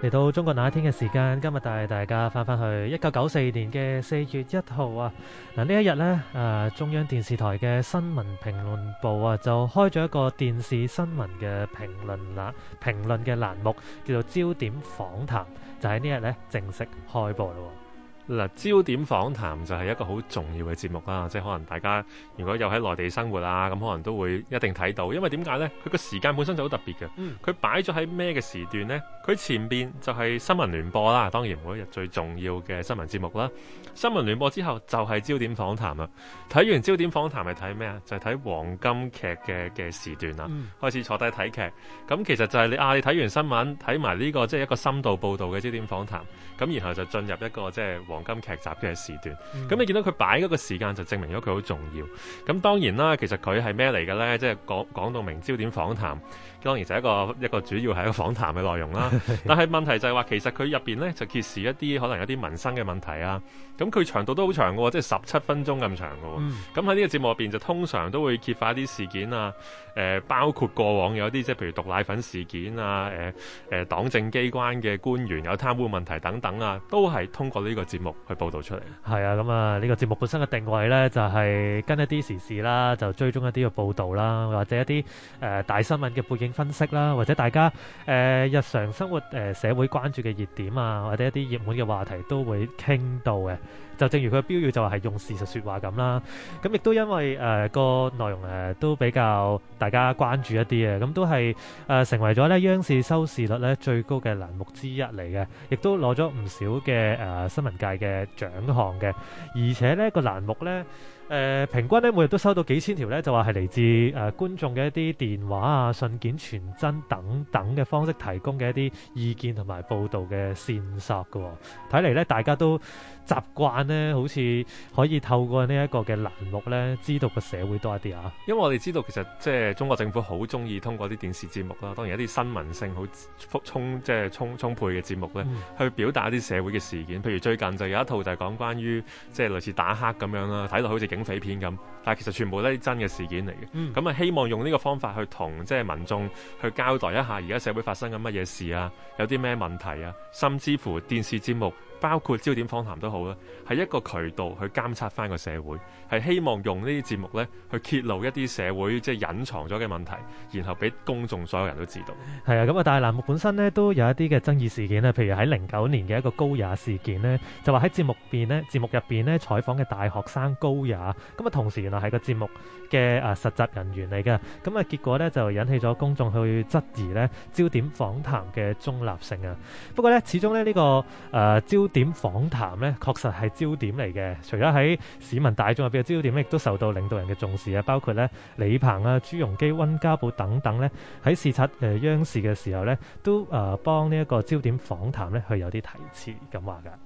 嚟到中國那一天嘅時間，今日帶大家翻返去一九九四年嘅四月一號啊！嗱呢一日呢，誒、呃、中央電視台嘅新聞評論部啊，就開咗一個電視新聞嘅評論啦，評論嘅欄目叫做焦點訪談，就喺呢日呢正式開播咯。嗱，焦點訪談就係一個好重要嘅節目啦，即係可能大家如果有喺內地生活啊，咁可能都會一定睇到，因為點解呢？佢個時間本身就好特別嘅，佢、嗯、擺咗喺咩嘅時段呢？佢前邊就係新聞聯播啦，當然每一日最重要嘅新聞節目啦。新聞聯播之後就係焦點訪談啦。睇完焦點訪談咪睇咩啊？就係、是、睇黃金劇嘅嘅時段啦、嗯，開始坐低睇劇。咁其實就係、是、你啊，你睇完新聞，睇埋呢個即係一個深度報道嘅焦點訪談，咁然後就進入一個即係黃金劇集嘅時段，咁你見到佢擺嗰個時間就證明咗佢好重要。咁當然啦，其實佢係咩嚟嘅咧？即係講講到明焦點訪談，當然就一個一個主要係一個訪談嘅內容啦。但係問題就係話，其實佢入邊咧就揭示一啲可能一啲民生嘅問題啊。咁佢長度都好長嘅，即係十七分鐘咁長嘅。咁喺呢個節目入邊就通常都會揭發一啲事件啊，誒、呃，包括過往有啲即係譬如毒奶粉事件啊，誒、呃、誒，黨、呃、政機關嘅官員有貪污問題等等啊，都係通過呢個節目。去報導出嚟，係啊，咁啊，呢個節目本身嘅定位呢，就係、是、跟一啲時事啦，就追蹤一啲嘅報導啦，或者一啲、呃、大新聞嘅背景分析啦，或者大家、呃、日常生活、呃、社會關注嘅熱點啊，或者一啲熱門嘅話題都會傾到嘅。就正如佢嘅標語就係用事實說話咁啦。咁亦都因為誒、呃這個內容誒、啊、都比較大家關注一啲嘅，咁都係、呃、成為咗呢央視收視率呢最高嘅欄目之一嚟嘅，亦都攞咗唔少嘅、呃、新聞界。嘅獎項嘅，而且呢個欄目呢。誒平均咧，每日都收到幾千條咧，就話係嚟自誒、呃、觀眾嘅一啲電話啊、信件、傳真等等嘅方式提供嘅一啲意見同埋報道嘅線索嘅。睇嚟咧，大家都習慣咧，好似可以透過呢一個嘅欄目咧，知道個社會多一啲、啊、因為我哋知道其實即係中國政府好鍾意通過啲電視節目啦，當然一啲新聞性好充即係充充，充，充沛嘅節目咧、嗯，去表達一啲社會嘅事件。譬如最近就有一套就係講關於即係類似打黑咁樣啦，睇落好似警匪片咁，但係其實全部都係真嘅事件嚟嘅。嗯，咁啊，希望用呢個方法去同即係民眾去交代一下，而家社會發生緊乜嘢事啊，有啲咩問題啊，甚至乎電視節目。包括焦點訪談都好啦，係一個渠道去監察翻個社會，係希望用呢啲節目咧去揭露一啲社會即係隱藏咗嘅問題，然後俾公眾所有人都知道。係啊，咁啊，但係欄目本身咧都有一啲嘅爭議事件咧，譬如喺零九年嘅一個高也事件咧，就話喺節目邊咧，節目入邊咧採訪嘅大學生高也，咁啊同時原來係個節目嘅誒、呃、實習人員嚟嘅，咁啊結果咧就引起咗公眾去質疑咧焦點訪談嘅中立性啊。不過咧始終咧呢、呢個誒焦。呃焦焦點訪談咧，確實係焦點嚟嘅。除咗喺市民大眾入邊嘅焦點咧，亦都受到領導人嘅重視啊。包括咧李鵬啊、朱鎔基、溫家寶等等咧，喺視察誒、呃、央視嘅時候咧，都誒、呃、幫呢一個焦點訪談咧，去有啲題詞咁話噶。